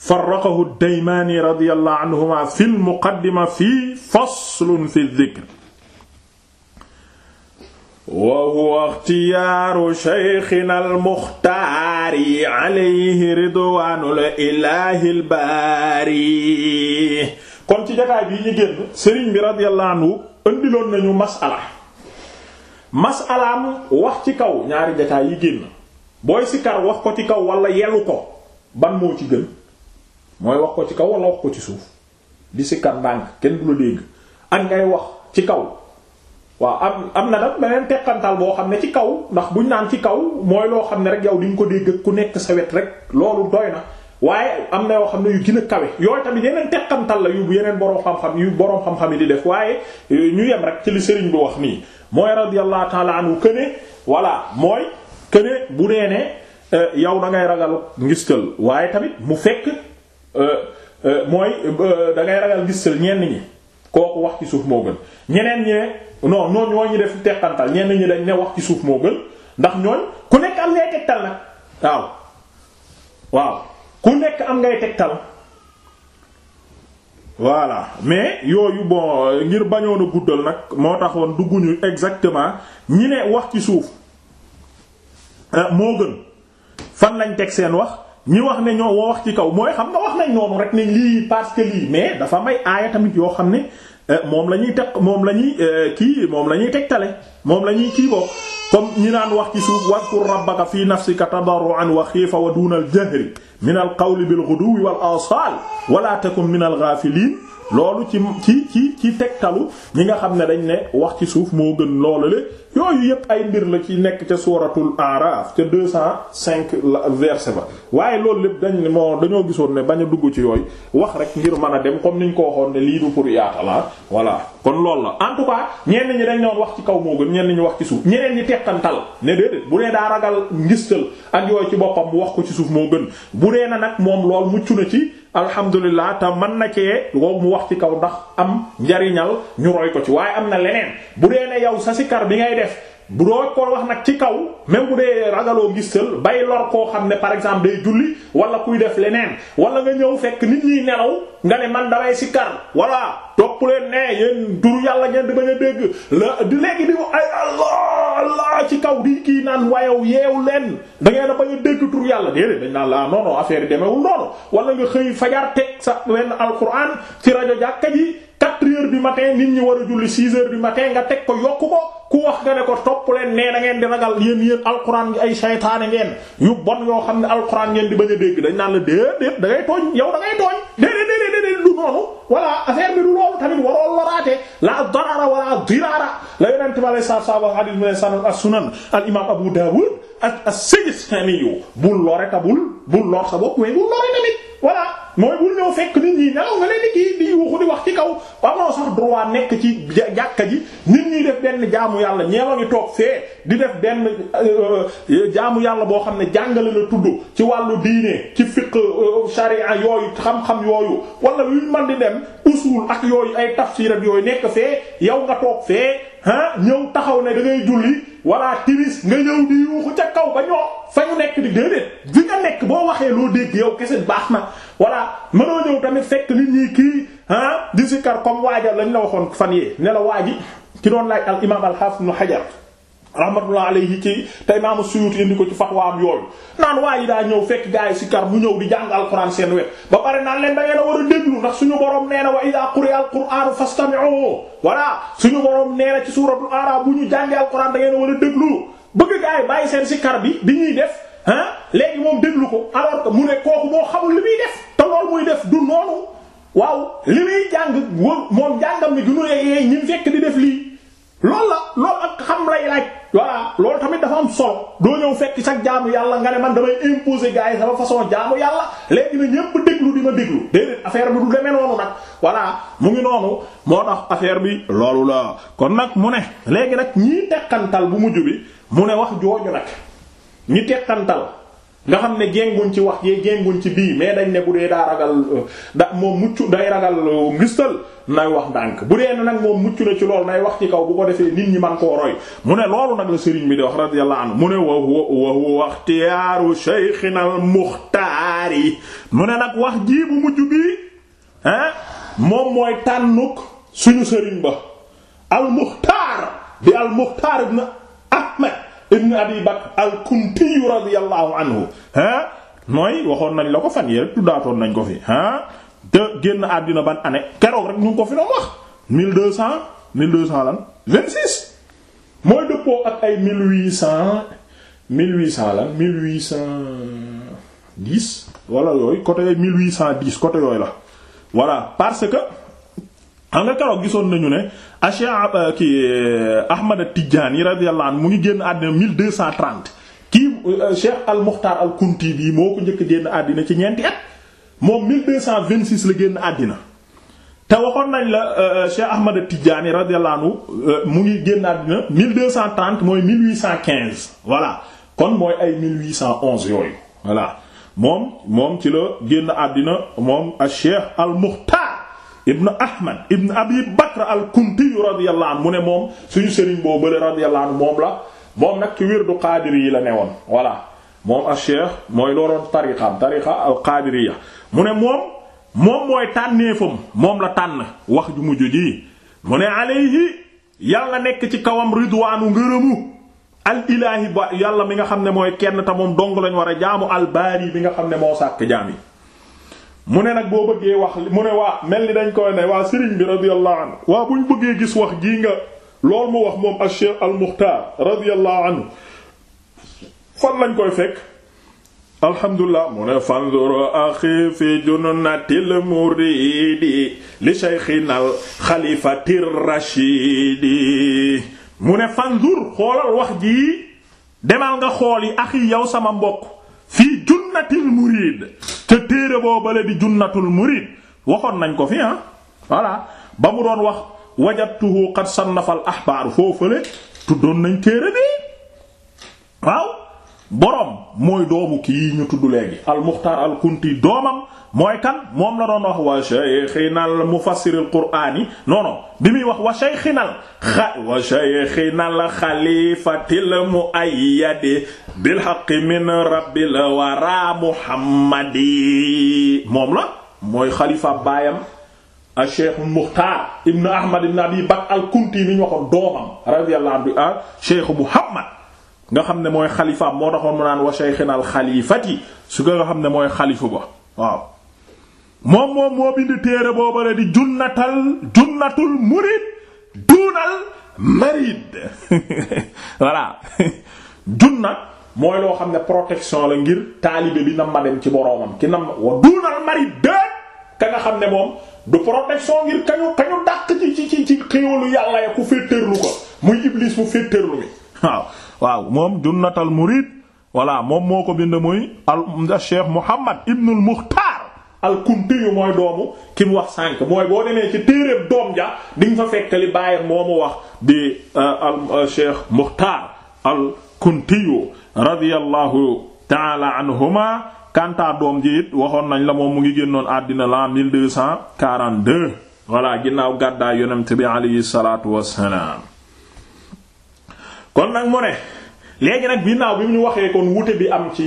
farraqahu ad-Daymaani radiyallahu anhuma fi al-muqaddima fi faslun fi adh-dhikr wa huwa ikhtiyaaru shaykhina al-mukhtaari alayhi ridwaanul ilaahil baari kon ci jotaay bii ñu génn sëriñ bi radiyallahu anhu indiloon nañu masala masalaam wax ci kaw ñaari jotaay yi génn booy sikar wax ko ci kaw wala yelu ko ban moo ci gën mooy wax ko ci kaw wala wax ko ci suuf di sikkar ndànk kenn du la dégg ak ngay wax ci kaw waaw am am na nag beneen teqantal boo xam ne ci kaw ndax buñ naan ci kaw mooy loo xam ne rek yow di nga ko dégg ku nekk sa wet rek loolu doy na waaye am na yoo xam ne yu gën a kawe yooyu tamit yeneen teqantal la yu yeneen boroom xam-xam yu boroom xam-xam yi di def waaye e, ñu yem rek ci li sëriñ bi wax nii mooy radiyallahu ta'ala anhu këne voilà mooy këne bu nee e, yow da ngay ragal ngistal waaye tamit Euh, euh, mooy euh, da ngay ragal gis sël ñenn ñi kooku wax ci suuf moo gën ñeneen ñi ne noonu ñooñu ñu def teqantal ñenn ñi dañ ne wax ci suuf moo gën ndax ñooñ ku nekk am ngay tegtal nag waaw waaw ku nekk am ngay tegtal voilà mais yooyu bon ngir bañoon a guddal nag moo taxoon dugguñu exactement ñi ne wax ci suuf moo gën fan lañ teg seen wax. ñi wax ne ñoo woo wax ci kaw mooy xam nga wax nañ noonu rek ne lii parce que lii mais dafa may aaya tamit yoo xam ne euh, moom la ñuy teg moom la ñuy euh, kii moom la ñuy tegtale moom la ñuy kii comme ñi naan wax ci suuf wadkur rabbaka fi nafsika tadarruan wa xiifa wa duna al jahri min al qawli bil wa wal asal wala takun min al ghafilin loolu ci ci ci ci tegtalu ñi nga xam ne dañ ne wax ci suuf moo gën loolu le yooyu yépp ay mbir la ci nekk ca sooratul Araf ca deux cent cinq verset ba waaye loolu lépp dañ ne moo dañoo gisoon ne bañ a dugg ci yooyu wax rek ngir mën a dem comme ñu ko waxoon ne lii du pour yaatala ah, voilà kon loolu la en tout cas ñenn ñi dañ doon wax ci kaw moo gën ñenn ñi wax ci suuf ñeneen ñi teqantal ne déedéet bu dee daa ragal ngistal ak yooyu ci boppam wax ko ci suuf moo gën bu dee na nag moom lool mucc na ci alhamdulilah te man na cee wow mu wax ci kaw ndax am njariñal ñu roy ko ci waaye am na leneen bu dee ne yow sa sikar bi ngay def bu doo ko wax nag ci kaw même bu dee ragaloo gisal bay lor koo xam ne par exemple day julli wala kuy def leneen wala nga ñëw fekk nit ñi nelaw nga ne man damay sikkar voilà topp leen ne yéen turu yàlla ngeen di bañ a dégg la di léegi di ay Allah pas ci kaw di kii naan wayow yeewu leen da ngeen a bañ a dégg tur yàlla déedéet dañ naan la ah, non non affaire yi demewul noonu wala nga xëy fajar teg sa wenn alquran ci rajo jàkka ji 4 heures du matin nit ko yokk ko ku wax nga ne ko topp leen nee da ngeen di ragal yéen yéen alquran gi ay saytaane ngeen yu bon yoo da ngay bi du loolu tamit waroon waraate la darara wala dirara la yonent bi alayhi salaatu salaam wax hadith mu ne sanad as-sunan al imaam Abu Dawud ak as-Sijistani bul lore ta bul bul lor sa bopp mais bul lore tamit voilà. mooy bul ñëw fekk nit ñi nelaw nga leen di kii di yuuxu di wax ci kaw amoo sax droit nekk ci jàkka ji nit ñi def benn jaamu yàlla ñeewa ngi toog fee di def benn euh, euh, jaamu yàlla boo xam ne jàngale na tudd ci wàllu diine ci fiqh euh, sharia yooyu xam-xam yooyu wala luñ man di dem usul ak yooyu ay tafsir ak yooyu nekk fee yow nga toog fee ah ñëw taxaw ne da ngay julli wala timis nga ñëw di yuuxu ca kaw ba ñoo fa ñu nekk di déedéet fi nga nekk boo waxee loo dégg yow kese baax na voilà mënoo ñëw tamit fekk nit ñi kii ah di sikar comme waaja lañ la waxoon fan yee nelaw la waaji ci doon laaj al imaam al hafiz ibn hajar rahmatullah alayhi ci te imaamu suyuti indi ko ci fatwaam yooyu naan waaji daa ñëw fekk gaay sikar mu ñëw di jàng alquran seen wet ba pare naan leen da ngeen a war a déglu ndax suñu borom nee na wa idha quri'a al-qur'anu fastami'u voilà suñu borom nee ci suratul araf bu ñu jàngee alquran da ngeen a a déglu bëgg gaa yi bàyyi seen sikar bi bi ñuy def ah léegi moom déglu ko alors que mu ne kooku moo xamul li muy def te loolu muy def du noonu waaw li muy jàng moom jàngam ni gunu yeeyee ñi fekk di def lii loolu la loolu ak xam lay laaj voilà lool tamit dafa am solo doo ñëw fekk sax jaamu yàlla nga ne man damay imposer gars yi sama façon jaamu yàlla léegi na ñépp déglu di ma déglu déedéet affaire bi du demee noonu nag voilà mu ngi noonu moo tax affaire bi loolu la kon nag mu ne léegi nag ñii teqantal bu mujj bi mu ne wax jooju nag ñi teqantal nga xam ne génguñ ci wax yee génguñ ci bii mais dañ ne bu dee daa ragal da moom mucc day ragal euh, ngistal nay wax ndànk bu dee nag moom mucc na ci loolu nay wax ci kaw bu ko defee nit ñi man mu ne loolu nag la sëriñ bi di wax radiyallahu anhu mu ne wa wa wa waxtiyaaru shaykhina al muxtaari mu ne nag wax ji bu mujj bii hein moom mooy tànnuk suñu sëriñ ba al-Mukhtar bi al-Mukhtar ibn Ahmed ibn Abi Bakr al-Kunti radiyallahu anhu ah mooy waxoon nañ la ko fan yee tuddaatoon nañ ko fi ah te génn àddina ban année keroog rek ñu ngi ko fi doon wax mille deux cent mille deux cent lan vingt-six mooy dëppoo ak ay mille huit cent mille huit cent lan mille huit cent dix wala yooyu côté ay mille huit cent dix côté yooyu la voilà parce que xam nga keroog gisoon nañu ne Cheikh ki euh, Ahmad Tidjani radiyallahu anhu mu ngi génn àddina 1230 kii euh, Cheikh Al Mukhtar Al Kunti bii moo ko njëkk génn àddina ci ñeenti at moom 1226 la génn àddina te waxoon nañ la euh, Cheikh Ahmad Tidjani radiyallahu anhu mu ngi génn àddina 1230 mooy mille cent quinze voilà kon mooy ay 1811 yooyu voilà. moom moom ci la génn àddina moom al cheikh al mukhtar ibn ahmad ibn abi bakr al kunti radiyallahu anhu mu ne moom suñu sëriñ boo bële radiyallahu moom la moom nag ci wirdu qaadir yi la ne woon voilà moom al mooy looloon tariqaam tariqa al qaadiriya mu ne moom moom mooy tànneefam moom la tànn wax ju mujj ji mu ne alayhi yàlla nekk ci kawam ridwaanu ngërëmu al ilaahi ba yàlla mi nga xam ne mooy kenn te moom dong lañu war a jaamu al baari bi nga xam ne moo sàkk jaam yi mu ne nag boo bëggee wax mu ne waa mel ni dañ koy ne waa sëriñ bi radiyallahu anhu waa bu ñu bëggee gis wax jii nga lool mu wax moom al Cheikh al Muxtaar radiyallahu anhu fan lañ koy fekk alhamdulilah mu ne fanzur axi fi junnatil muridi li shaykhina al xalifatir rashidi mu ne fanzur xoolal wax jii demal nga xool yi axi yow sama mbokk fii junnatil murid te téere boobale di junnatul murid waxoon nañ ko fi ah voilà ba mu doon wax wajadtuhu qad sannafa nafal ahbaaru foofale tuddoon nañ téere bi waaw boroom mooy doomu ki ñu tudd léegi al-Mukhtar al-Kunti doomam mooy kan moom la doon wax wa shaykhinal mufassiril qur'aani non non bi muy wax wa shaykhinal wa shaykhinal xalifatil mu'ayyadi bil haqqi min rabbil wara muhammadi moom la mooy xalifa baayam Cheikh Mukhtar ibn Ahmad ibn Abi Bakr al-Kunti mi waxoon doomam radiyallahu anhu Cheikh Muhammad nga xam ne mooy xalifaam moo taxoon mu naan wa shaykhina al xalifati su nga xam ne mooy xalifu ba waaw moom moom moo bind téere boobale di junnatal junnatul murid duunal marid voilà junna mooy loo xam ne protection la ngir taalibe bi nam ma dem ci boroomam ki nam wa duunal marid déet nga xam ne moom du protection ngir kañu kañu dàq ci ci ci ci xéewalu yàlla ya ku féttërlu ko muy iblis mu féttërlu mi waaw moom moom junnatal murid voilà moom moo ko bind muy al cheikh Muhammad ibnul Mukhtar al Kunti yu mooy doomu ki mu wax sànq mooy boo demee ci téereeb doom ja di nga fa fekk li bàyyam moo mu wax di euh, al euh, cheikh Mukhtar al Kunti yu radiyallahu taala anhuma kanta doom ji it waxoon nañ la moom mu ngi génnoon àddina la 1242 voilà ginnaaw gàddaay yonent bi alayhi salaatu wassalaam kon nag mu ne léegi nag ginnaaw bi mu ñu waxee kon wute bi am ci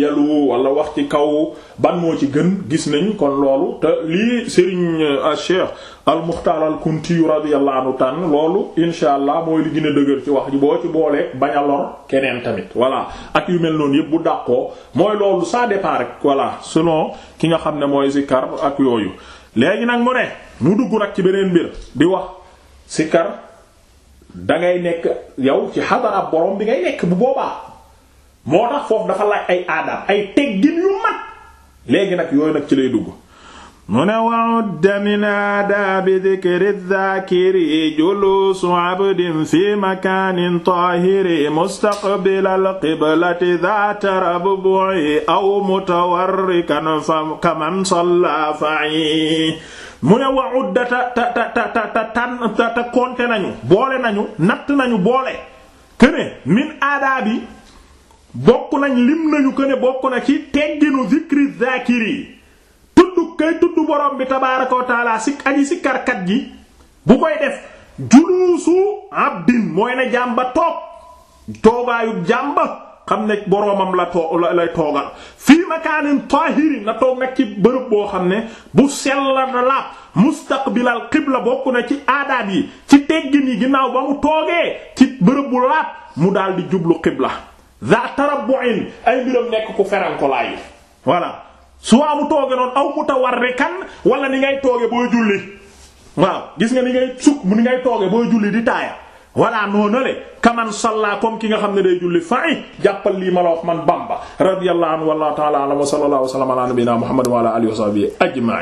yelu walla wax ci kaw ban moo ci gën gis nañu kon loolu te lii Serigne a euh, Cheikh al Mukhtar al Kunti radiyallahu anhu tànn loolu insha allah mooy li gën a dëgër ci wax ji boo ci boolee bañ a lor keneen tamit voilà ak yu mel noonu yëpp bu dàqoo mooy loolu ça dépend rek voilà selon ki nga xam ne mooy zikar ak yooyu léegi nag mu ne mu dugg nag ci beneen mbir bi wax zikar dangay nekk yow ci xadara borom bi ngay nekk bu boobaa moo tax foofu dafa laaj ay aadam ay teggin yu mat léegi nag yooyu nag ci lay dugg mu ne wa'udda min aadaabi dikri daakiri juluusu abdin fi makaanin taahiri mustaqbilal qiblati daata rabbu'i aw mutawarrikan fa kaman sallaa fa'i mu ne wa'udda ta ta ta ta ta ta ta ta konte nañu boole nañu natt nañu boole këne min aadaabi bokk nañ lim nañu këne bokk na ci tegginu dikri daakiri kay tudd borom bi tabaaraka wa taala si aji sikkarkat gi bu koy def juluusu abdin mooy ne jàmba toog toogaayub jàmba xam ne boroomam la too lay toogal fii makaanin tahirin na toog nag ci bërëb boo xam ne bu sella na laab mustaqbilal qibla bokk na ci aadaab yi ci teggi yi ginnaaw ba mu toogee ci bërëb bu laab mu daal di jublu qibla za tarabbu'in ay mbiram nekk ku feral ko soit mu tooge noonu aw mutawarrikan wala ni ngay tooge boo julli waaw gis nga ni ngay sukk ni ngay tooge booy julli di taaya voilà noonu le kaman salla comme ki nga xam ne day julli fa'i jàppal lii ma la wax man Bamba radiyallahu anhu wallahu ta'ala wa sallallahu wa sallama ala nabiyyina Muhammad wa ala alihi wa sahbihi ajma'in